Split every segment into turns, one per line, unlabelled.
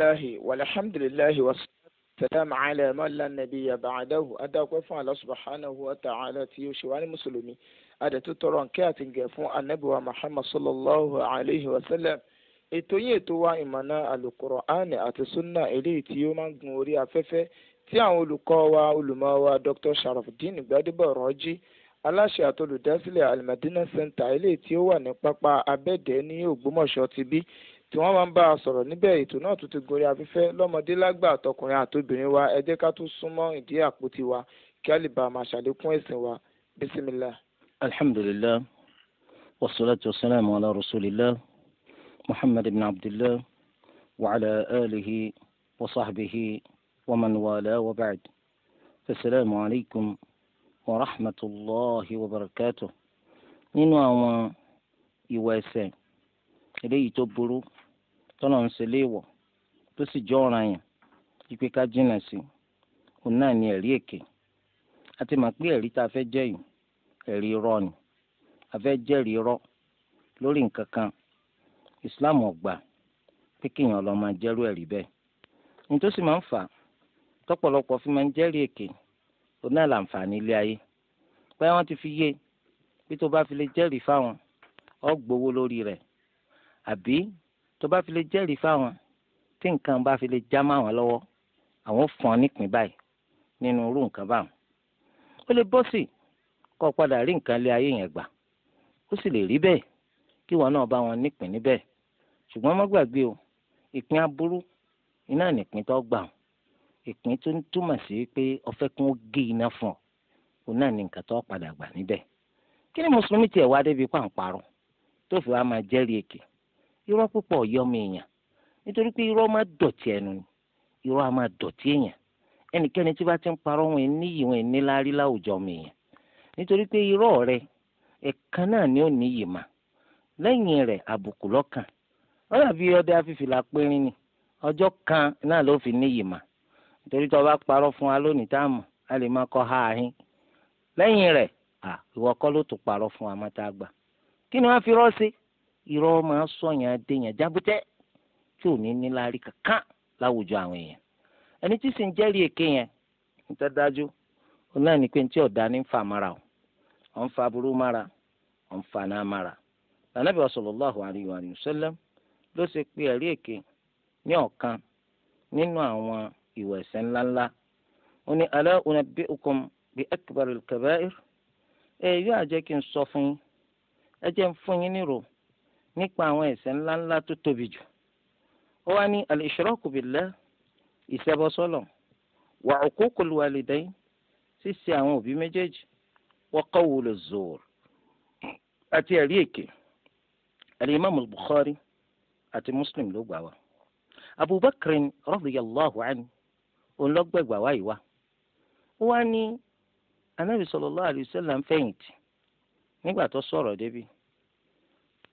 alhamdulilahi walhamdulilahi wasalam ala على nabiya ba'dahu adakwe fún Allah subhanahu wa ta'ala tí ó ṣe wá ní mùsùlùmí adẹ̀tú tọrọ nkẹ́ àti ngẹ̀ fún anabiwa muhammad sallallahu alayhi wa sallam ètò yìí ètò wa ìmọ̀nà alukur'ani àti sunna eléyìí tí ó máa ń gun orí afẹ́fẹ́ tí àwọn olùkọ́ wa olùmọ̀ wa dr sharafdin gbadebo rọ́jí aláṣẹ àtolùdásílẹ̀ alimadina center eléyìí tí ó wà ní pápá abẹ́dẹ̀ ní ògbómọ̀ṣọ́ ti bí tí wọ́n máa ń bá a sọ̀rọ̀ níbẹ̀ ètò náà tún ti gorí afẹ́fẹ́ lọ́mọdé lágbà àtọkùnrin àtobìnrin wa ẹ jẹ́ ká tún súnmọ́ ìdí àpótí wa kí a lè bá a máa ṣàlékún ẹ̀sìn wa bísímilà.
alhamdulilah wasalaatu wasalaamu ala rasulillah muhammad ibn abdillah wa ala alihi wa sahbihi wa man wala wa ba'd asalaamu alaykum wa rahmatulahi wa barakatuh nínú àwọn ìwà eléyìí tó burú tọ́nà ń ṣe léèwọ̀ tó sì jọ ọ̀ràn yàn ipe ká jìnnà sí òun náà ni ẹ̀rí èké a ti mọ̀ pé ẹ̀rí tá a fẹ́ jẹ́ yìí ẹ̀rí irọ́ ni a fẹ́ jẹ́rìí irọ́ lórí nǹkan kan Islam ò gbà pé kéèyàn lọ máa jẹ́rú ẹ̀rí bẹ́ẹ̀ ní tó sì máa ń fà tọ́pọ̀lọpọ̀ fi máa ń jẹ́rìí èké òun náà làǹfààní ilé ayé pé wọ́n ti fi yé e, bí tó bá fi lè jẹ́rìí fáwọn ó gbowó lórí rẹ̀ àbí tó bá fi lè jẹ́rìí fáwọn tí nǹkan bá fi lè já mọ́ àwọn lọ́wọ́ àwọn fún ọ nípìn báyìí nínú irú nǹkan báwọn. ó lè bọ́ sí kó padà rí nǹkan lé ayé yẹn gbà ó sì lè rí bẹ́ẹ̀ kí wọn náà bá wọn nípìn níbẹ̀ ṣùgbọ́n má gbàgbé o ìpín aburú iná nìpín tó gbà wọn ìpín tó ń túmọ̀ sí pé ọfẹ́ kún ó gé iná fún ọ òun náà ní nǹkan tó padà gbà níbẹ̀ kí ni mùsùlùmí tiẹ̀ wá débi pàǹparọ̀ tó fi wá máa jẹ́rìí èké irọ́ púpọ̀ yọmọ èèyàn nítorí pé irọ́ máa dọ̀tí ẹnu ni irọ́ á máa dọ̀tí èèyàn ẹnikẹ́ni tí bá ti ń parọ́ wọn níyì wọn níláárí láwùjọ mi èèyàn nítorí pé irọ́ rẹ ẹ̀kan náà ni ó níyì mà lẹ́yìn rẹ̀ àbùkù lọ́kàn ó dàbí ọdẹ afífìlà périn ni ọjọ́ kan náà ló fi níyì mà nítorí tó bá parọ́ fún wa lónìí tá a mọ̀ a lè máa kọ́ ha ahín lẹ́yìn rẹ̀ ìwọ ló tún parọ́ fún wa mọ́tá gbà kí ni wọ́n fi rọ́ sí irọ́ máa sọ̀yàn adéyàn jábútẹ́ tí ò ní níláárí kankan láwùjọ àwọn èèyàn ẹni tí sì ń jẹ́rìí èké yẹn níta dájú ó náà ní pé tí ọ̀dà ní ń fa mara o ọ̀ ń fa burú mara ọ̀ ń fa náà mara lànàbí sallallahu alayhi wa sallam ló ṣe pé ẹ̀rí èké ní ọ̀kan nínú àwọn ìwà ẹ̀ṣẹ̀ ńláńlá ó ní ala unabbi'ukum bi akbaril kaba'ir ẹ̀ yóò àjẹ́ kí n sọ fún yín ẹ jẹ́ ń fún yín nírò nípa àwọn ẹ̀ṣẹ̀ ńláńlá tó tóbi jù ó wá ní al-ishraku billah ìṣẹbọsọlọ wa uququl walidayn ṣíṣe àwọn òbí méjèèjì wa qawlu zoor àti ẹ̀rí èké al-imam al-bukhari àti muslim ló gbà wá abubakar radiyallahu anhu òun ló wá yìí ó wá ní anabi sallallahu alayhi wa sallam nígbà tó sọ̀rọ̀ débi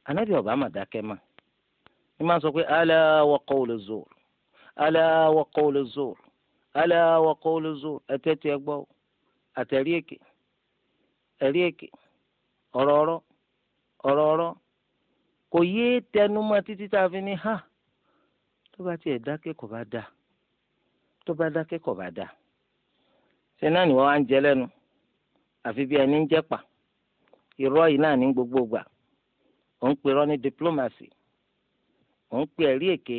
anabi ọba dake ma ị ma sọ pé ala wa qawlu zur ala wa ala wa qawlu zur ẹtẹ́tí ẹ kò yéé tẹnumọ́ títí tá a fi ní ha tó bá tiẹ̀ dákẹ́ kò bá dáa tó bá ni pa yìí náà ní gbogbo gbà ò ń pèrọ ní diplomacy ò ń pè ẹ̀rí èké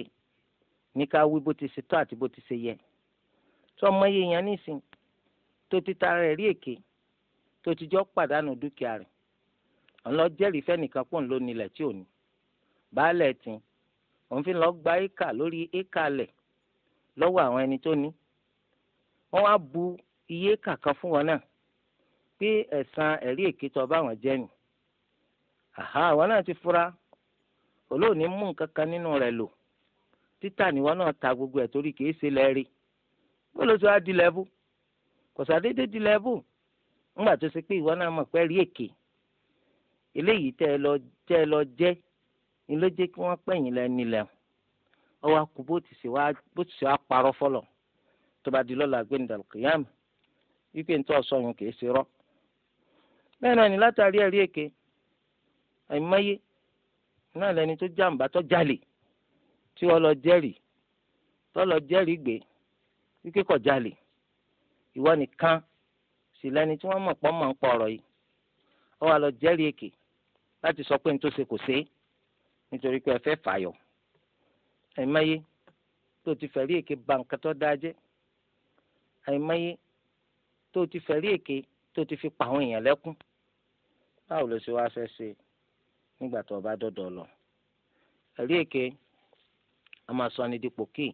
ní ká wí bó ti ṣe tó àti bó ti ṣe yẹ tó ọmọ yìí yan nísìn tó ti ta ara ẹ̀rí èké tó ti jọ pàdánù dúkìá rẹ̀ ọ̀nlọ jẹ́rìí fẹ́nìkan pọ̀ ń lò nílẹ̀ tí ò ní baálẹ̀ tì òun fi lọ gba éka lórí éka lẹ̀ lọ́wọ́ àwọn ẹni tó ní wọ́n wá bu iye éka fún wọn náà pé ẹ̀san ẹ̀rí èké tó bá wọn jẹ́ nìí aha àwa náà ti fura olóòní mú nǹkan kan nínú rẹ̀ lò títà náà ta gbogbo ẹ̀ torí kìí ṣe lẹ́ẹ̀rí wá di lẹ́bù kọ̀sádédé di lẹ́bù ńgbà tó ṣe pé ìwọ náà mọ̀ pé rí èké eléyìí ẹ lọ ẹ lọ ni ló jẹ kí wọn pẹ̀yìn lẹ́ni lẹ́hùn ọwọ́ akú bó ti ṣe wá bó ti ṣe wá tó àìmáyé náà lẹni tó jàǹbá tó jalè tí wọ́n lọ jẹ́rìí tó lọ jẹ́rìí gbé wípé kò jalè ìwọ nìkan sì lẹni tí wọ́n mọ̀ pọ́ mọ̀ ń pọ̀ ọ̀rọ̀ yìí ó wà lọ jẹ́rìí èké láti sọ pé n tó ṣe kò ṣe é nítorí pé ẹ fẹ́ fàyọ̀ àìmáyé tó ti fẹ̀rí èké ba nǹkan tó dáa jẹ́ àìmáyé tó ti fẹ̀rí èké tó ti fi pa àwọn èèyàn lẹ́kún báwo ló ṣe wá fẹ́ ṣe nígbà tó o bá dọ̀dọ̀ lọ. ẹ̀rí èké a máa sọ ni dípò kí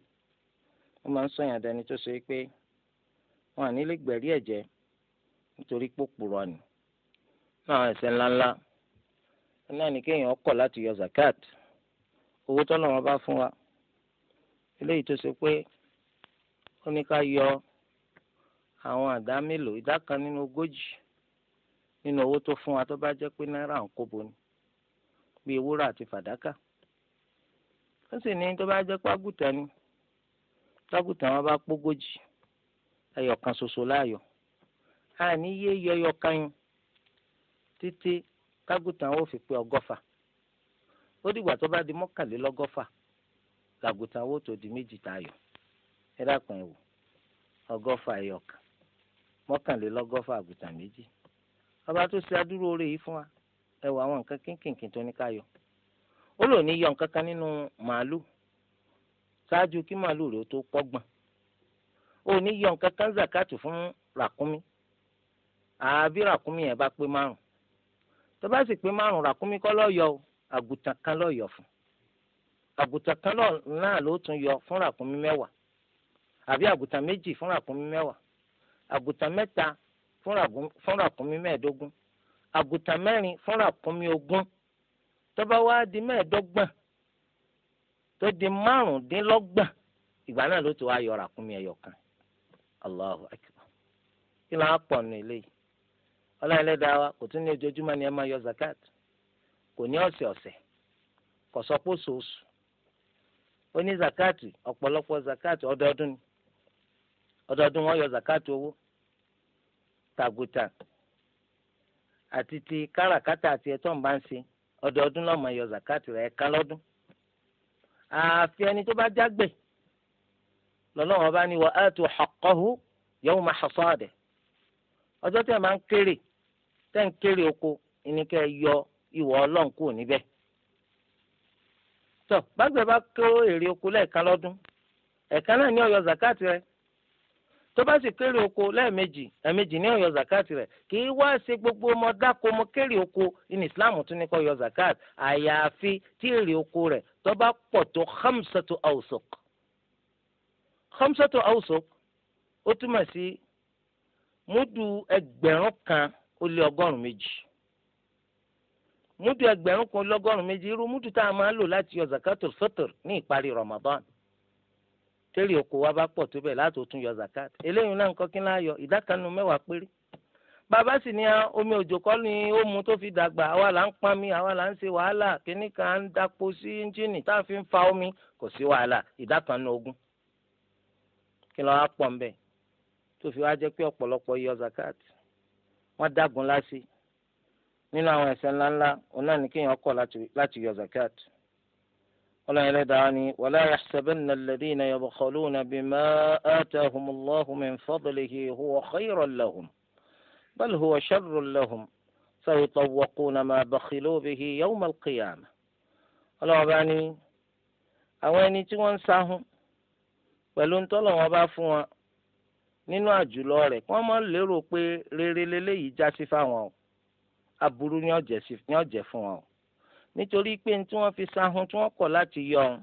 wọ́n máa ń sọ yàn dání tó ṣe pé wọn à nílé gbẹ̀rí ẹ̀jẹ̀ nítorí pòpùrọ̀ ni ní àwọn ẹ̀ṣẹ̀ ńláńlá náà ni kéèyàn kọ̀ láti yọ zakat owó tọ́lọ̀ wọn bá fún wa eléyìí tó ṣe pé ó ní ká yọ àwọn àdá mélòó ìdá kan nínú ogójì nínú owó tó fún wa tó bá jẹ́ pé náírà ń kóbo ni bíi wúrà àti fàdákà ó sì ní tó bá jẹ́ págùtàn ni págùtàn wọn bá pógójì ẹyọkan ṣoṣo láàyò àní yé yọ ẹyọkan yín títí kágùtàn ó fi pé ọgọ́fà ó dìgbà tó bá di mọ́kànlélọ́gọ́fà làgùtàn ó tó di méjì tayọ ẹ wò ẹyọkan mọ́kànlélọ́gọ́fà àgùtàn méjì ọba tó ṣe adúró rè fún ẹ wọ àwọn nǹkan kínkìnkì tó ní ká yọ ó lò ní yọ nǹkan kan nínú màálù ṣáájú kí màálù rẹ̀ tó pọ́gbọ̀n ó ní yọ nǹkan kan zakatu fún ràkúnmí àbí ràkúnmí yẹn bá pé márùn tó bá sì pé márùn ràkúnmí kọ́ ló yọ àgùntàn kan ló yọ fún àgùntàn kan náà ló tún yọ fún ràkúnmí mẹ́wàá àbí àgùntàn méjì fún ràkúnmí mẹ́wàá àgùntàn mẹ́ta fún ràkúnmí mẹ́ẹ̀ẹ́dógún àgùntàn mẹ́rin fún ràkúnmí ogún tó bá wá di mẹ́ẹ̀ẹ́dọ́gbọ̀n tó di márùndínlọ́gbọ̀n ìgbà náà ló ti wá yọ ràkúnmí ẹyọ kan Allahu akbar kí ló á pọ̀ nù eléyìí ọlọ́run ẹlẹ́dàá wa kò tún ní ojoojúmọ́ ni ẹ máa yọ zakat kò ní ọ̀sẹ̀ ọ̀sẹ̀ kò sọ pé oṣooṣù ó ní zakat ọ̀pọ̀lọpọ̀ zakat ọdọọdún ni ọdọọdún wọn yọ zakat owó tàgùtà àti ti káràkátà àti ẹ̀tọ́ ń bá ń ṣe ọdọọdún lọ́mọ yọ zakati rẹ̀ ẹ̀ka lọ́dún. àfi ẹni tó bá jágbẹ̀ lọ́lọ́wọ́n bá ní wa atu haqqahu yawma hasadihi ọjọ́ tẹ̀ máa ń kéré tẹ̀ ń kéré oko ìníkẹ́ yọ ìwọ̀ ọlọ́run kúrò níbẹ̀. tọ́ gbàgbẹ́ bá kó èrè oko lẹ́ẹ̀kan lọ́dún ẹ̀ka náà ní ó zakati rẹ̀ tó bá sì kéré oko lẹ́ẹ̀mejì ẹ̀ẹ̀mejì ní ọ̀yọ́ zakat rẹ̀ kì í wá ṣe gbogbo ọmọ dáko mọ kéré oko ní islam tún ní kó yọ zakat àyàfi tí èrè oko rẹ̀ tó bá pọ̀ tó hamsatu awusok hamsatu awusok ó túmọ̀ sí múdù ẹgbẹ̀rún kan ó lé ọgọ́rùn-ún méjì múdù ẹgbẹ̀rún kan ó lé ọgọ́rùn-ún méjì irú múdù tá a máa lò láti yọ zakatul fitr ní ìparí ramadan tẹ́lẹ̀ oko wa bá pọ̀ tó bẹ̀ láti tún yọ zakat eléyìí náà nǹkan kí n láyọ ìdá kan nu mẹ́wàá péré bàbá sì ní omi òjò kọ́ ni ó mu tó fi dàgbà àwa là ń pami àwa là ń ṣe wàhálà kíní kan ń dàpọ̀ sí ẹ́ńjìnì tá a fi ń fa omi kò sí wàhálà ìdá kan kí lọ́ọ́ á pọ̀ ń bẹ̀ tó fi wá jẹ́ pé ọ̀pọ̀lọpọ̀ yọ zakat wọ́n dágun láṣì nínú àwọn ẹ̀ṣẹ̀ ńláńlá òun náà ní kéèyàn kọ̀ láti yọ zakat ọlọ́run ẹlẹ́dàá ni wala yahsabanna alladhina yabkhaluna bima atahumullahu min fadlihi huwa khayran lahum bal huwa sharrun lahum sayutawwaquna ma bakhilu bihi yawma al-qiyamah ọlọ́run bá ní àwọn ẹni tí wọ́n ń sáhùn pẹ̀lú ntọ́lọ̀ wọn bá fún wọn nínú àjùlọ rẹ̀ kí wọ́n mọ̀ lérò pé rere leléyìí já fáwọn o aburú ni ọ̀jẹ̀ fún wọn o nítorí pé tí wọ́n fi sahun tí wọ́n kọ̀ láti yọ ọ̀hún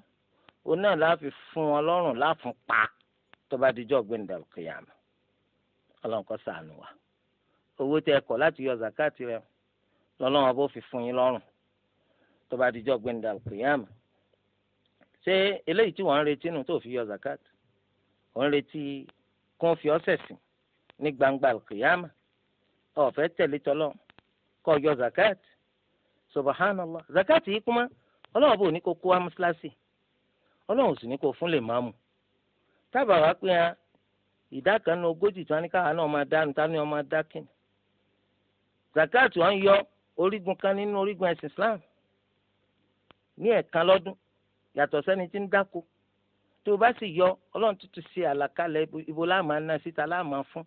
òun náà láfi fún wọn lọ́rùn láfún pa tó bá dijọ́ gbẹ̀ndà kìyàmù ọlọ́run kó ṣàánú wa owó tẹ kọ̀ láti yọ zakati rẹ lọ́lọ́run bó fi fún yín lọ́rùn tó bá dijọ́ gbẹ̀ndà kìyàmù ṣé eléyìí tí wọ́n ń retí nù tó fi yọ zakati wọ́n ń retí kó fi ọ́ sẹ̀sìn ní gbangba kìyàmù ọ̀fẹ́ tẹ̀lé tọ́lọ́ kó yọ zakati subhanallah zakati yìí kuma ọlọ́run bò ní kó kó wa mọ́ṣáláṣí ọlọ́run sì ní kó fún lè máa mú tábà wá pé hàn ìdá kan nu ogójì tí wọn ní náà máa dánu táwọn náà máa yọ orígun kan nínú orígun islam ní ẹ̀ẹ̀kan lọ́dún yàtọ̀ sẹ́ni tí ń dáko o bá sì yọ ọlọ́run tuntun àlàkalẹ̀ ibo síta fún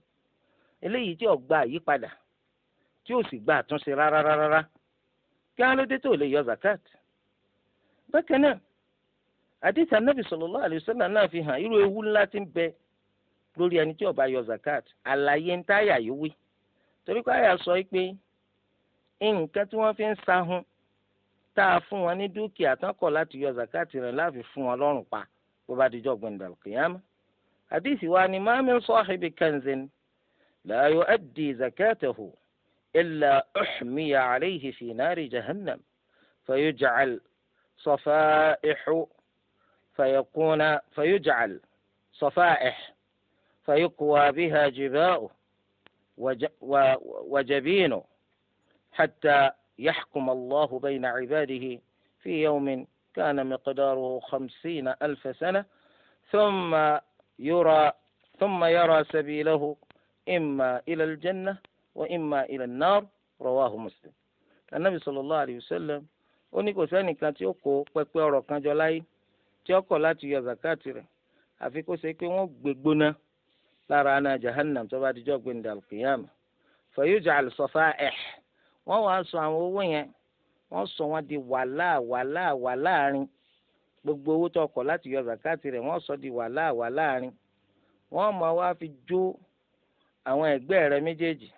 eléyìí tí ò gba àyípadà tí kí á ló dé tó lè yọ zakat bákan náà àdìsí anábì sallallahu alaihi wasallam náà fi hàn irú ewu ńlá tí ń bẹ lórí ẹni tí ó yọ zakat àlàyé ń táyà yìí wí torí pé àyà sọ pé nǹkan tí wọ́n fi ń sahun tá a fún wọn ní dúkìá tán kọ̀ láti yọ zakat rẹ̀ láàfin fún wọn lọ́rùn pa bó bá dijọ́ gbẹ̀ndàlù kìyàmá àdìsí wa ni ma min sahibi kanzin la yuaddi zakatahu. إلا أحمي عليه في نار جهنم فيجعل صفائح فيكون فيجعل صفائح فيقوى بها جباؤه وجبينه حتى يحكم الله بين عباده في يوم كان مقداره خمسين ألف سنة ثم يرى ثم يرى سبيله إما إلى الجنة وإما إلى النار رواه مسلم النبي صلى الله عليه وسلم ó ní kò sẹ́nìkan tí ó kó pẹpẹ ọ̀rọ̀ kan jọ láyé tí ọkọ̀ láti yọ zakati rẹ̀ àfi kó ṣe pé wọ́n gbé gbóná lára ana jahannam tó bá dijọ́ gbé ndàlù wọ́n wàá sọ àwọn owó yẹn wọ́n sọ di wàhálà wàhálà wàhálà gbogbo owó tó láti yọ zakati rẹ̀ wọ́n di wàhálà wàhálà wọ́n wá fi jó àwọn ẹ̀gbẹ́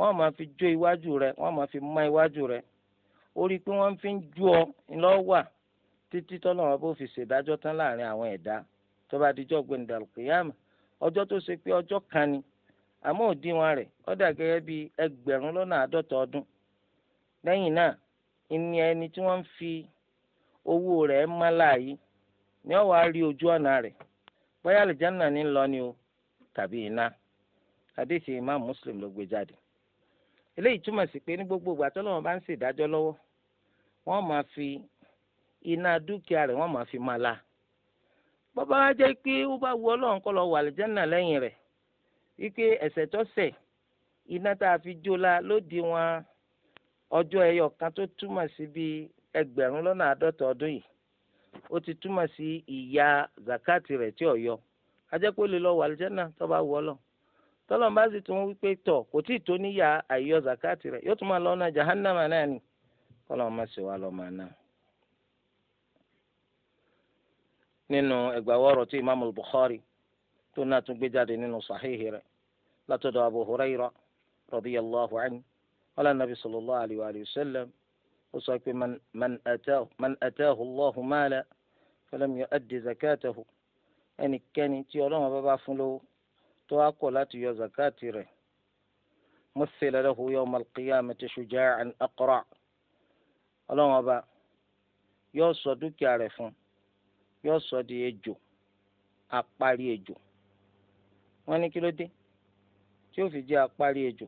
wọ́n máa fi jó iwájú rẹ wọ́n máa fi má iwájú rẹ orí pé wọ́n fi ń jó ọ ńlọ wà títí tọ́nà wọn bó fi ṣèdájọ́ tán láàrin àwọn ẹ̀dá tó bá dijọ́ gbẹ̀ndàlùkìyàmù ọjọ́ tó ṣe pé ọjọ́ kan ni àmọ́ òdiwọ̀n rẹ̀ ó dà gẹ́gẹ́ bí ẹgbẹ̀rún lọ́nà àádọ́ta ọdún lẹ́yìn náà ìní ẹni tí wọ́n fi owó rẹ má láàyè ni ó wàá rí ojú ọ̀nà rẹ bóyá àlìjáná ní lọ ni o tàbí iná hadisi Imam Muslim ló gbé jáde. eléyìí túmọ̀ sí pé ní gbogbo ìgbà tọ́lọ́wọ́n bá ń ṣèdájọ́ lọ́wọ́ wọ́n máa fi iná dúkìá rẹ̀ wọ́n máa fi máa la bọ́bá wa jẹ́ pé ó bá wu ọlọ́run kọ́ lọ wà lẹ́jẹ̀nà lẹ́yìn rẹ̀ wípé ẹ̀ṣẹ̀ a fi jó la ló di wọn ọjọ́ ẹyọ kan tó túmọ̀ sí bíi ẹgbẹ̀rún lọ́nà àádọ́ta ọdún yìí ó ti túmọ̀ sí ìyá zakati yọ lè lọ wà lẹ́jẹ̀nà tọ́lọ́mbà sì tún wípé tọ̀ kò tí ì tó níyà àyọ zakati rẹ̀ yóò tún máa lọ́nà jahannama náà ni kọ́lọ́mọ sì wà lọ́mọ náà. nínú ẹgbàwọ́rọ̀ tí imaamu bukhari tó náà tún gbé jáde nínú sàhíhì rẹ̀ látọ̀dọ̀ abu hurayra radiyallahu anhu wala nabi sallallahu alayhi wa sallam ó sọ pé man ataahu allahu maala falam yu'addi zakatahu ẹnikẹ́ni tí ọlọ́run bá fún lówó tó wá kọ̀ láti yọ zakati rẹ̀ مثل له يوم القيامة شجاعا أقرع ọlọ́run ọba yóò sọ dúkìá rẹ̀ fún yóò sọ di ejò apárí ejò wọ́n ní kí ló dé tí ó fi jẹ́ apárí ejò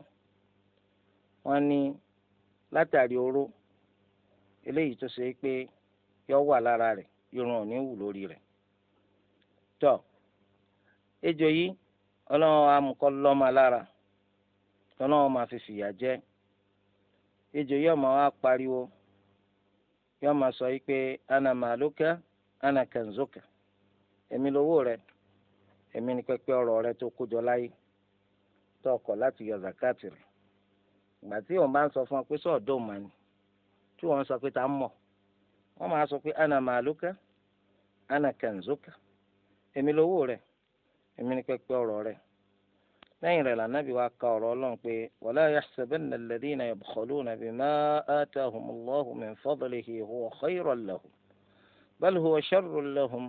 wọ́n ní látàrí oró eléyìí tó ṣe é pé yóò wà lára rẹ̀ irun ò ní wù lórí rẹ̀ tọ́ ejò yìí ọlọ́run amukọ́ lọ́mọ lára ọlọ́run máa fi fìyà jẹ ejò yóò máa wá pariwo yóò máa sọ yìí pé ana màlúkà ana kanzuka èmi lówó rẹ èmi ni pẹ́pẹ́ ọrọ̀ rẹ tó kójọ láyé tó ọkọ̀ láti yọ zakati rẹ ìgbà tí òun bá ń sọ fún ọ pé sọ́ọ̀dọ̀ mà ni tí wọ́n sọ pé ta mọ̀ wọ́n máa sọ pé ana màlúkà ana kanzuka èmi lówó rẹ èmi ni pẹpẹ ọ̀rọ̀ rẹ̀ lẹ́yìn rẹ̀ lànàbí wa ka ọ̀rọ̀ Ọlọ́run pé wala yahsabanna alladhina yabkhuluna bima atahumullahu min fadlihi huwa khayran lahum bal huwa sharrun lahum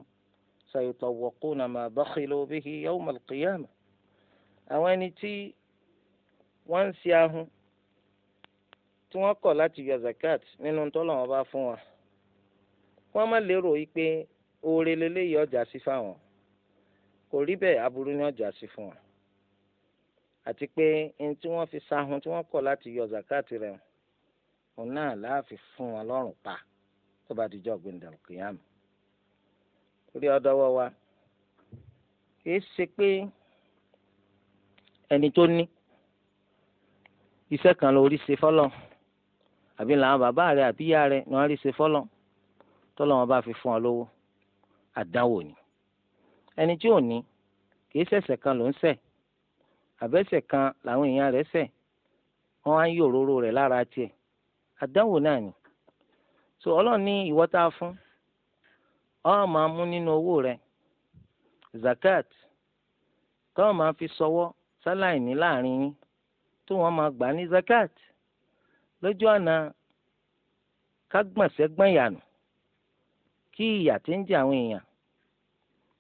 sayutawwaquna ma bakhilu bihi yawma al-qiyamah àwọn ẹni tí wọ́n ń ṣe ahun tí wọ́n kọ̀ láti yọ zakat nínú tọ́lọ̀ bá fún wa wọ́n kò rí bẹ́ẹ̀ aburú ní ọjà sí fún wa àti pé ní tí wọ́n fi sáhun tí wọ́n kọ̀ láti yọ zakat rẹ̀ òun náà láàfi fún wọn lọ́rùn pa tó bá ti gbẹ̀ndà kìyàmù torí ọdọwọ wa kìí ṣe pé ẹni tó ní iṣẹ́ kan lórí ṣe fọ́lọ́ àbí làwọn bàbá rẹ̀ àbí ìyá rẹ̀ ni wọ́n rí ṣe fọ́lọ́ tọ́lọ́ wọn bá fi fún ọ lówó àdánwò ni ẹni tí ò ní kì í sẹ̀sẹ̀ kan ló ń sẹ̀ àbẹ́sẹ̀ kan làwọn èèyàn rẹ̀ sẹ̀ wọ́n á yí òróró rẹ̀ lára tiẹ̀ àdánwò náà ni so ọlọ́run ní ìwọ tá a fún ọ máa mú nínú owó rẹ̀ zakat tó máa fi sọwọ́ sáláìní láàrin yín tó wọ́n máa gbà ní zakat lójú àná ọ̀nà kágbọ̀nsẹ́gbọ̀nyànù kí ìyà tí ń jẹ àwọn èèyàn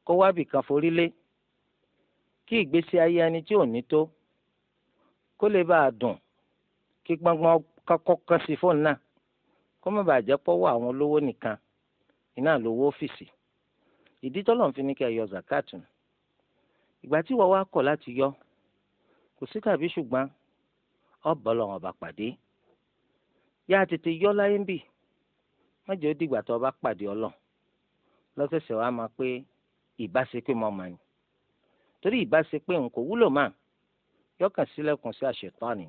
kó wábì kan forí lé kí ìgbésí ayé ẹni tí ò ní tó kó lè bá a dùn kí gbọ́ngbọ́n kọ́kọ́ sí fóònù náà kó má bàa jẹ́ pọ́wọ́ àwọn olówó nìkan iná lówó ọ́fíìsì ìdí tọ́lọ̀ ń fi ní kí ẹ yọ zakat nù ìgbà tí wọ́n wá kọ̀ láti yọ kò sí tàbí ṣùgbọ́n ọ̀bọ̀ lọ́wọ́n bá pàdé yá tètè yọ láyé ń bì má jẹ́ ó dìgbà tó o bá pàdé ọlọ́ lọ́sẹ̀sẹ̀ wàá máa pé ìbáṣepé mọ́ ọmọ ni torí ìbáṣepé nǹkan wúlò máa yọkàn sílẹ̀kùn sí àṣetán ni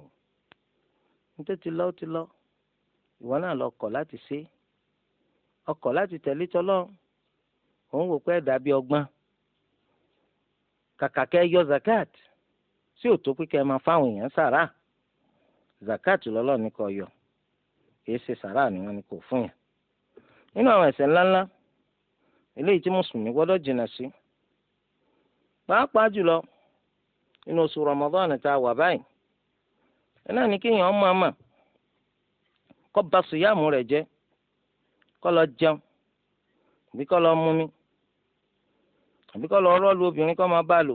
nítorí ti lọ ti lọ ìwọ náà lọ kọ̀ láti ṣe ọkọ̀ láti tẹ̀lé tọ́lọ́ òun wò pé ẹ̀dá bíi ọgbọ́n kàkà kẹ́ yọ zakat sí òtó pé kẹ́ ẹ máa fáwọn èèyàn sàrà zakat lọlọ ní kò yọ kì í ṣe sàrà ni wọ́n ní kò fún yàn nínú àwọn ẹ̀ṣẹ̀ ńláńlá eléyìí tí mùsùlùmí gbọ́dọ̀ jìnnà sí pàápàá jùlọ inú oṣù Ramadan tá a wà báyìí ẹ náà ní kéèyàn ọmọ àmà kó ba sùyàmù rẹ̀ jẹ́ kó lọ jẹun àbí kó lọ mumi àbí kó lọ rọ́ọ̀lù obìnrin kó máa bá lò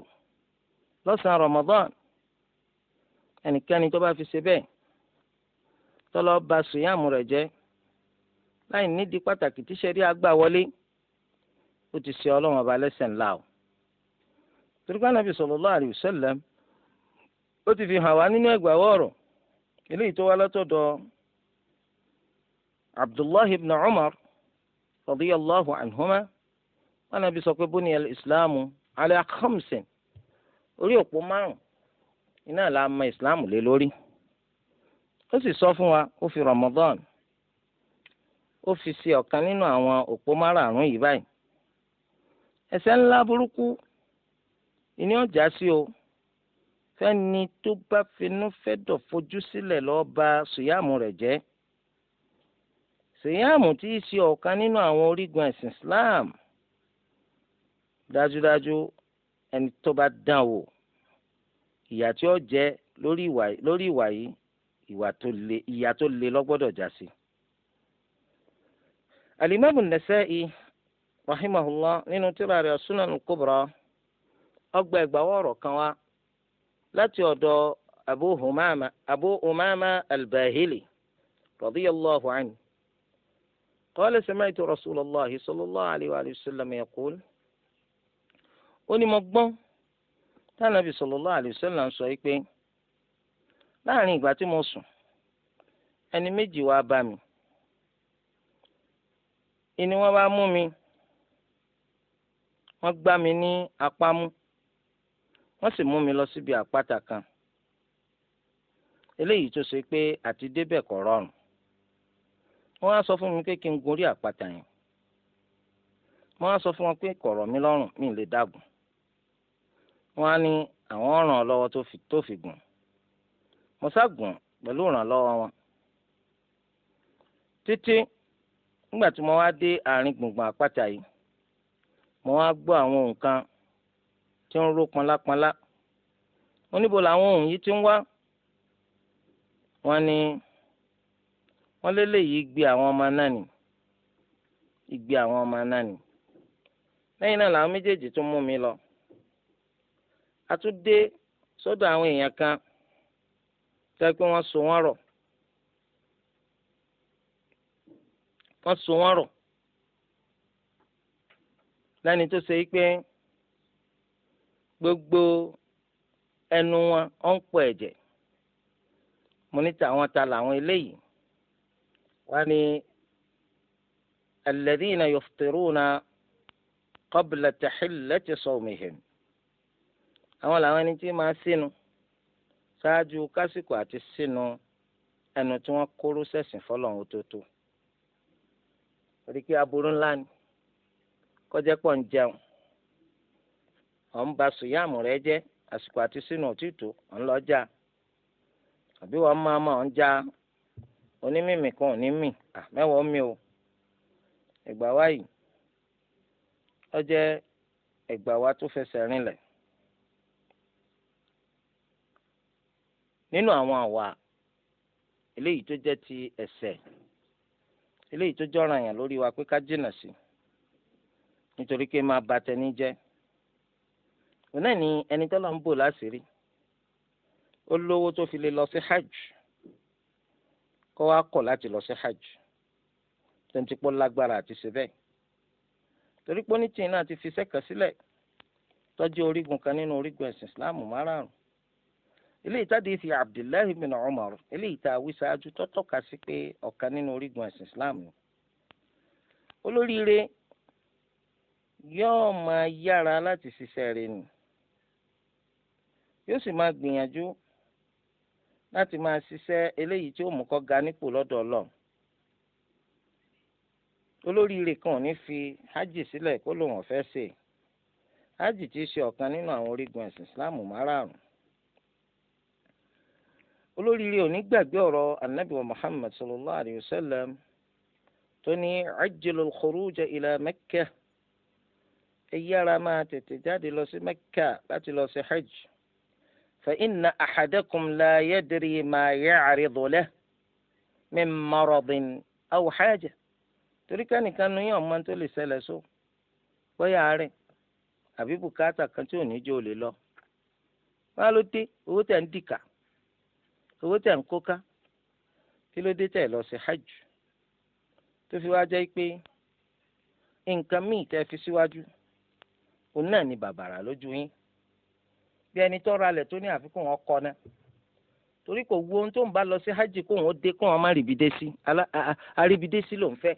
lọ́sàn-án Ramadan ẹnikẹ́ni tó bá fi ṣe bẹ́ẹ̀ tó ba sùyàmù rẹ̀ jẹ́ láì nídìí pàtàkì tíṣẹ́rí àgbà wọlé ó ti ṣe ọlọ́run ọba lẹ́sẹ̀ ńlá o torípé ànábì sallallahu alaihi wasallam ó ti fi hàn wá nínú ẹgbàáwọ̀ ọ̀rọ̀ eléyìí tó wá látọ̀dọ̀ abdullahi ibn umar radiyallahu anhuma wọn ànábì sọ pé bóni al-islamu ala khamsin orí òpó márùn iná la ma ìsìláàmù lé lórí ó sì sọ fún wa ó fi ramadan ó fi ṣe ọ̀kan nínú àwọn òpó márààrún yìí báyìí ẹ̀ṣẹ̀ ńlá burúkú ìní ọjà sí o fẹ́ni tó bá finú fẹ́ dọ̀fojú sílẹ̀ lọ́ọ́ ba sùyàmù rẹ̀ jẹ́ sùyàmù tí í ṣe ọ̀kan nínú àwọn orígun ẹ̀sìn Islam dájúdájú ẹni tó bá dán wò ìyà tí ó jẹ lórí ìwà yìí ìwà tó le ìyà tó le lọ́gbọ́dọ̀ já sí. Al-Imam an rahimahullah nínú tírà rẹ̀ sunan kubra ọgbà ẹgbàáwọ̀ ọ̀rọ̀ kan wá láti ọ̀dọ̀ abu umama abu umama albahili radiyallahu anhu qala sami'tu rasulallahi sallallahu alayhi wa sallam yaqul ó ní mo gbọ́ tánàbì sallallahu alayhi wa sallam sọ yìí pé láàrin ìgbà tí mo sùn ẹni méjì wá bá mi ìní wọn bá mú mi. wọ́n gbá mi ní apá mú wọ́n sì mú mi lọ síbi àpáta kan eléyìí tó ṣe pé àti débẹ̀ kò rọrùn wọ́n á sọ fún mi pé kí n gorí àpáta yẹn wọ́n á sọ fún wọn pé kọ̀rọ̀ rọ̀ mí lọ́rùn mi lè dàgùn wọ́n á ní àwọn ràn án lọ́wọ́ tó fi gùn mo ságùn pẹ̀lú ìrànlọ́wọ́ wọn títí nígbà tí mo wá dé àárín gbùngbùn àpáta yìí mo wá gbọ́ àwọn nǹkan tí ń ró panlápanlá wọ́n níbo làwọn ohun yìí ti ń wá wọ́n ní wọ́n lélẹ́yìí gbé àwọn ọmọ náà nì ìgbé àwọn ọmọ náà nì lẹ́yìn náà làwọn méjèèjì tún mú mi lọ a tún dé sọ́dọ̀ àwọn èèyàn kan tẹ́ pé wọ́n so wọ́n rọ̀ wọ́n so wọ́n rọ̀ lẹ́ni tó ṣe pé gbogbo ẹnu wọn ọ̀ ń pọ̀ ẹ̀jẹ̀ mo ní tàwọn ta làwọn eléyìí wọ́n ní alladhina yuftiruna qabla tahillati sawmihim àwọn làwọn ẹni tí máa sínú ṣáájú kásìkò àti sínú ẹnu tí wọ́n kóró sẹ̀sìn fọlọ́run tó tó rí i pé aburú ńlá ni kọjá pọ̀ ń jẹun ọ̀ ń ba sùyàmù rẹ jẹ́ àsìkò àti sínú òtítù ọ̀ ń ma ọ̀ ń já onímìmì kan ò ní mì o ìgbà wa ọ jẹ́ ìgbà wa tó fẹsẹ̀ rinlẹ̀ nínú àwọn ti ẹ̀ṣẹ̀ eléyìí tó yàn lórí wa pé ká jìnnà sí nítorí pé máa ba tẹni jẹ́ òun náà ni ẹni tọ́lọ̀ ń bò láṣìírí ó lówó tó fi lè lọ sí hajj kó wá kọ̀ láti lọ sí hajj tó ń ti pọ́ lágbára àti ṣe bẹ́ẹ̀ torí pé onítìyìn náà ti fi sẹ́kẹ̀ sílẹ̀ tọ́jú orígun kan nínú orígun ẹ̀sìn islam márààrún ilé ìtàdé ti abdullahi bin umar ilé ìta àwíṣáájú tó tọ́ka sí pé ọ̀kan nínú orígun ẹ̀sìn islam olóríire yóò máa yára láti ṣiṣẹ́ rẹ̀ nù yóò sì máa gbìyànjú láti máa ṣiṣẹ́ eléyìí tí ó mú kó ga nípò lọ́dọ̀ Ọlọ́run olóríire kan ò ní fi hajj sílẹ̀ kó lòun ọ̀fẹ́ ṣe hajj ti ṣe ọ̀kan nínú àwọn orígun ẹ̀sìn Islam márààrún olóríire ò ní gbàgbé ọ̀rọ̀ anabi wa sallallahu alayhi wa sallam tó ní ajjalul khuruja ila Makkah ẹ yára máa tètè jáde lọ sí mẹ́kà láti lọ sí hajj fa inna ahadakum la yadri ma ya'ridu lahu min maradin aw haja torí kánìkan nu yàn máa tó lè ṣẹlẹ̀ só bóyá àárẹ̀ àbí bùkátà kan tí ò ní jẹ́ ò lè lọ wá ló dé owó tẹ̀ ń dìkà owó tẹ̀ ń kóká kí ló dé tẹ̀ lọ sí hajj tó fi wá jẹ́ pé nǹkan míì tẹ́ fi síwájú. Si òun náà ni bàbàrà lójú yín bí ẹni tó ra lẹ̀ tó ní àfikún wọn kọ náà torí kò wu ohun tó ń bá lọ sí hajj kó wọn dé kó wọn má rìbìdé sí àrìbìdé sí ló ń fẹ́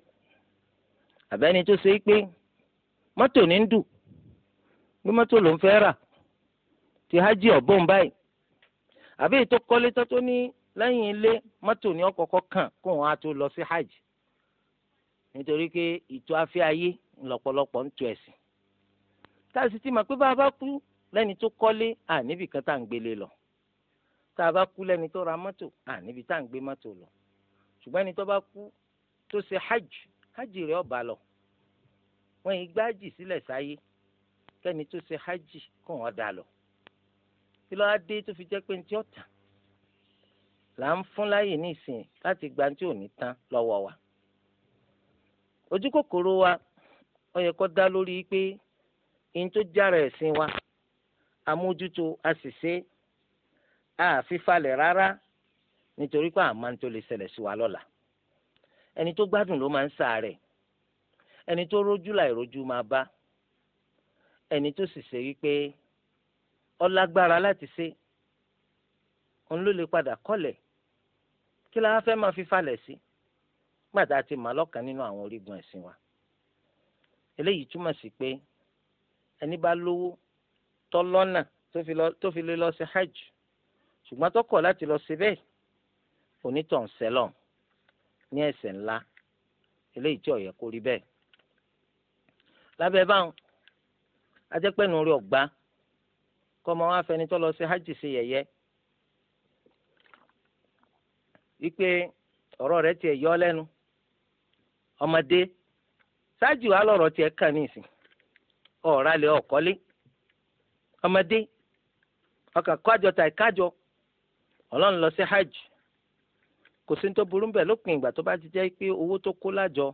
àbẹ́ni tó ṣe é pé mọ́tò ní ń dù bí mọ́tò ló ń fẹ́ rà ti hajj ọ̀bọ̀n báyìí àbí ètò kọ́lé tó tó ní lẹ́yìn ilé mọ́tò ní ọ̀kọ̀ọ̀kọ̀ kàn kó wọn á tó lọ sí hajj nítorí pé ìtò afẹ́ ayé lọ́pọ̀lọpọ̀ ń tu ẹ̀sìn tá a sì ti mọ̀ pé bá a bá kú lẹ́ni tó kọ́lé àníbì kan tá à ń gbélé lọ tá a bá kú lẹ́ni tó ra mọ́tò àníbì tá à ń gbé mọ́tò lọ ṣùgbọ́n ẹni tó bá kú tó ṣe hajj hajj rẹ̀ ọba lọ wọ́n yìí gbájì sílẹ̀ sáyé kẹ́ni tó ṣe hajj kàn ọ́ dà lọ kí ló á tó fi jẹ́ pé ní tí ó là ń fún láyè nísìn láti gba tí ò ní tán lọ́wọ́ wa ojú kòkòrò wa ó dá lórí pé in tó jára ẹ̀sìn wa amójútó àṣìṣe àfífalẹ̀ rárá nítorí pé àmọ́ tó lè ṣẹlẹ̀ sí wa lọ́la ẹni tó gbádùn ló máa ń ṣàárẹ̀ ẹni tó rójú láìrójú máa bá ẹni tó sì ṣe wípé ọlágbára láti ṣe òun ló lè padà kọ́lẹ̀ kí la fẹ́ máa fi sí gbàdá ti mà nínú àwọn orígun ẹ̀sìn wa eléyìí túmọ̀ sí pé ẹni bá lówó tọ́lọ́nà tó fi lè lọ sí hajj ṣùgbọ́n tó kọ̀ láti lọ sí bẹ́ẹ̀ onítàn sẹ́lọ̀ ní ẹ̀ṣẹ̀ ńlá eléyìí tí ó yẹ bẹ́ẹ̀. lábẹ́ báwọn ajẹ́pẹ́nu orí ọ̀gbá kọ́ ọmọ wa fẹni tó lọ sí hajj sí yẹ̀yẹ́ wípé ọ̀rọ̀ rẹ̀ tiẹ̀ yọ lẹ́nu ọmọdé ṣáájú wa lọ̀rọ̀ tiẹ̀ kàn ní ọ̀rálẹ̀ ọ̀kọ́lé ọmọdé ọkàn kájọ tàì kájọ ọlọ́run lọ sí hajj kò sí ní tó burú bẹ́ẹ̀ lópin ìgbà tó bá ti jẹ́ pé owó tó kó lájọ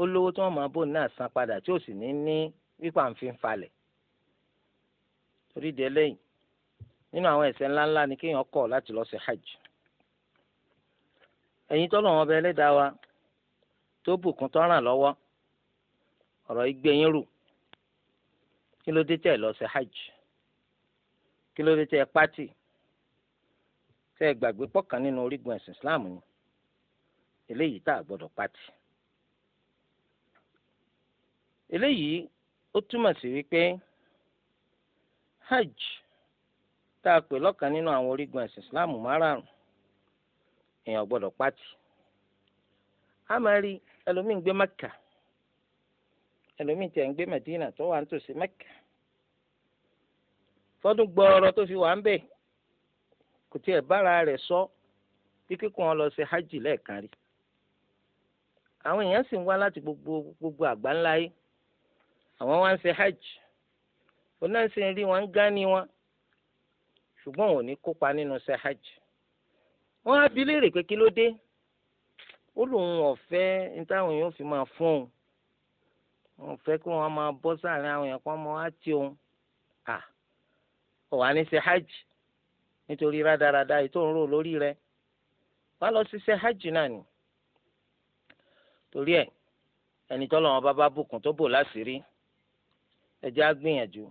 ó lówó tí wọ́n máa bò náà san padà tí ò sì ní ní pípa ń fi falẹ̀ torí di eléyìí nínú àwọn ẹ̀ṣẹ̀ ńláńlá ni kéèyàn kọ̀ láti lọ sí hajj ẹ̀yin tọ́lọ̀ wọn bẹ ẹlẹ́dàá wa tó bùkún tó ràn lọ́wọ́ ọ̀rọ̀ igbe rù kí ló dé tẹ́ ẹ lọ ṣe hajj kí ló dé tẹ́ ẹ pátì tẹ́ ẹ gbàgbé pọ̀kan nínú orígun ẹ̀sìn islam ni eléyìí tá a gbọ́dọ̀ pátì eléyìí ó túmọ̀ sí wípé hajj tá a pè lọ́kan nínú àwọn orígun ẹ̀sìn islam márààrún èèyàn gbọ́dọ̀ pátì a máa rí ẹlòmíín gbé Mẹ́kà ẹlòmíì tiẹ̀ ń gbé Mẹ̀dínà tó wà nítòsí Mẹ́kà fọdún gbọọrọ tó fi wà ń bẹ̀ kò tiẹ̀ bára rẹ̀ sọ bí kíkún ọ lọ ṣe hajj lẹ́ẹ̀kan rí àwọn èèyàn sì ń wá láti gbogbo gbogbo àgbáńlá yìí àwọn wá ń ṣe hajj onáṣẹ́ rí wọn ń gán ní wọn ṣùgbọ́n wọn ò ní kópa nínú ṣe hajj wọ́n á bi léèrè pé kí ló dé ó lóun ọ̀fẹ́ ní táwọn èèyàn fi máa fún òun wọn fẹ́ kí wọ́n máa bọ́ sáàrin àwọn èèyàn kan mọ́ á ti òun à ò ní ṣe hajj nítorí rádaràda ètò ń rò lórí rẹ wá lọ ṣiṣẹ́ hajj náà ni torí ẹ ẹni tọ́lọ̀ wọn bá bá bùkún tó bò láṣìírí ẹ á gbìyànjú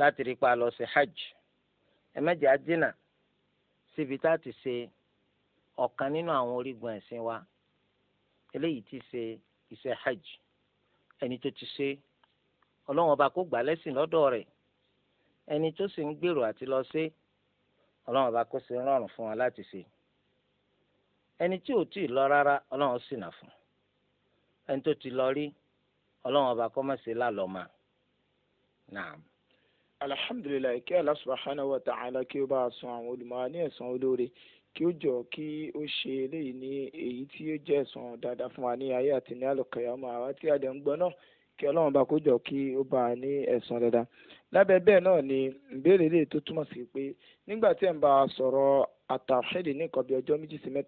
láti rí pa lọ ṣe hajj ẹ mẹ́jẹ̀ á dínà síbi tá a ti ṣe ọ̀kan nínú àwọn orígun ẹ̀sìn wa eléyìí ti ṣe iṣẹ́ hajj. ẹni tó ti ṣe ọlọ́run ọba kó gbà lẹ́sìn lọ́dọ̀ rẹ̀ ẹni tó sì ń gbèrò àti lọ ṣe ọlọ́run ọba kó ṣe rọrùn fún wa láti ṣe ẹni tí ò tíì lọ rárá ọlọ́run sì nà fún ẹni tó ti lọ rí ọlọ́run ọba kó má ṣe lálọ́ máa naam.
alhamdulilayi kí Allah subhanahu wa ta'ala kí ó bá a sun àwọn olùmọ̀ ní ẹ̀san olóore kí ó jọ kí ó ṣe eléyìí ní èyí tí ó jẹ́ ẹ̀san dáadáa fún wa ní ayé àti ní àlùkàyàmọ́ àwa tí a dẹ̀ ń gbọ́ náà kí ọlọ́run bá kó jọ kí ó bá a ní ẹ̀san dáadáa lábẹ́ bẹ́ẹ̀ náà ni ìbéèrè lè tó túmọ̀ sí pé nígbà tí ẹ̀ ń bá a sọ̀rọ̀ àtàwọ̀ṣẹ́lẹ̀ ní nǹkan bí ọjọ́ méjì ni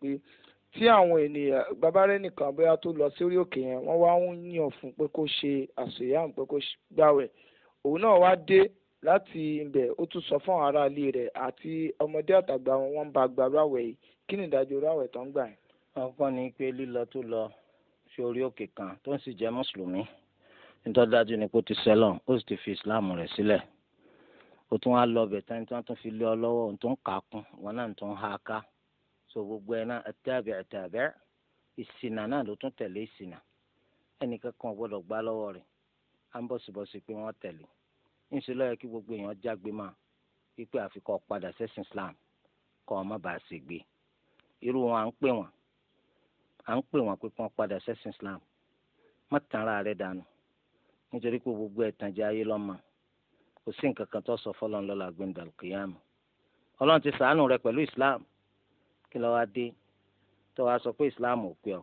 pé tí àwọn ènìyàn babalẹ́ nìkan bóyá tó lọ sí orí òkè yẹn wọ́n wá ń yàn fún pé kó ṣe àṣeyàn pé kó gbàwẹ̀ òun náà wá dé láti ibẹ̀ ó tún sọ fún ará ilé rẹ̀ àti ọmọdé àtàgbà wọn wọ́n bá gba ráwẹ̀ yìí kí ni ìdájọ́ ráwẹ̀ tó ń gbà yẹn. ọkọ ni pé lílọ tó lọ sí orí òkè kan tó ń sì jẹ́
mùsùlùmí nítorí ni kó ti sẹ́lọ̀n ó sì ti fi islam rẹ̀ sílẹ̀ ó tún wá lọ bẹ̀tẹ́ ní tí wọ́n tún fi lé ọ lọ́wọ́ ohun tó ń kà á kún wọn náà tó ń ha ká so gbogbo ẹ náà ẹtẹ́bẹ̀ ẹtẹ́bẹ̀ ìsìnà náà ló tún tẹ̀lé ìsìnà ẹnìkan kan ò gbọ́dọ̀ gbá lọ́wọ́ rẹ̀ á ń bọ̀sibọ̀si pé wọ́n tẹ̀lé ńṣe ló yẹ kí gbogbo èèyàn jágbe máa wípé àfikọ́ padà sẹ́sìn Islam kọ́ ọ má bàa ṣe gbé irú wọn à ń pè wọn à ń pè wọn pé kí padà sẹ́sìn Islam má tàn ara rẹ dànù nítorí pé gbogbo ẹ̀tànjẹ ayé lọ́mọ kò sí nǹkan kan tó sọ fọlọ́n lọ́la gbẹ̀ndàlùkìyàmù ọlọ́run ti sàánù rẹ pẹ̀lú Islam kí ló wá dé tó wá sọ pé Islam ò pé ọ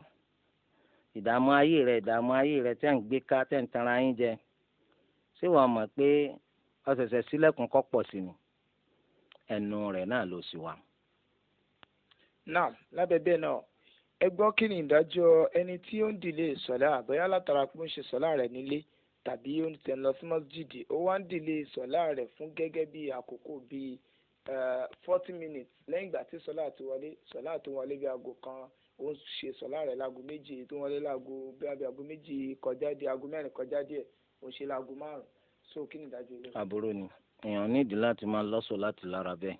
ìdààmú ayé rẹ ìdààmú ayé rẹ tẹ́ ń gbé ká tẹ́ ń tanra yín jẹ ṣé wàá mọ̀ pé ọ̀sẹ̀sẹ̀ sílẹ̀kùn kọ́ pọ̀ sí ni ẹnu rẹ̀ náà ló sì wà.
náà lábẹ́ bẹ́ẹ̀ náà ẹ gbọ́ kí ni ìdájọ́ ẹni tí ó ń dìlé sọ̀lá àbẹ́yà látara pé ó ń ṣe sọ̀lá rẹ̀ nílé tàbí ó ń tẹ̀ lọ sí mọ́sídìdì ó wá ń dìlé sọ̀lá rẹ̀ fún gẹ́gẹ́ bí àkókò bíi forty minutes lẹ́yìn ìgbà tí sọ̀lá ti wọlé sọ̀lá ti wọlé bí aago kan ó ń ṣe sọ̀lá rẹ̀ láago méjì tó wọlé láago bí aago méjì kọjá díẹ̀ aago mẹ́rin kọjá díẹ̀ ó ṣe láago márùn so kí ni ìdájọ́ ilé. àbúrò
ni èèyàn nídi láti máa lọ́sọ̀ láti lára bẹ́ẹ̀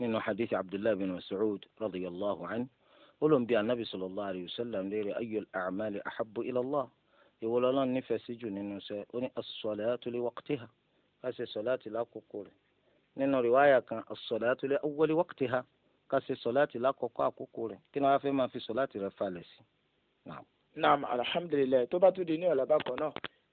nínú hadith abdullahi bin mas'ud radiyallahu an olùbí anabi sallallahu alayhi wa sallam léèrè ayyul a'mali ahabbu ila Allah ìwọlọ́lọ́ nífẹ̀ẹ́ sí jù nínú sẹ́ ó ní as-salatu li waqtiha ká ṣe sọ̀láàtì lákòókò rẹ̀ nínú rìwáyà kan as-salatu li awwali waqtiha ká ṣe sọ̀láàtì lákòókò àkókò rẹ̀ kí ni wàá fẹ́ máa fi sọ̀láàtì rẹ̀ falẹ̀ sí.
naam alhamdulilayi tó bá tún di ní ọ̀làbàkọ̀ náà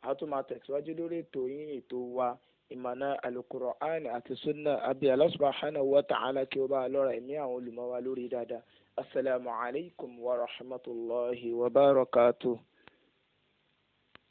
a tún máa tẹ̀síwájú lórí ètò yín ètò wa ìmọ̀nà alukur'an àti sunna abi Allah subhanahu wa ta'ala kí ó bá a lọ́ra ẹ̀mí àwọn olùmọ̀ lórí dáadáa asalaamualeykum wa rahmatulahi wa barakatuh.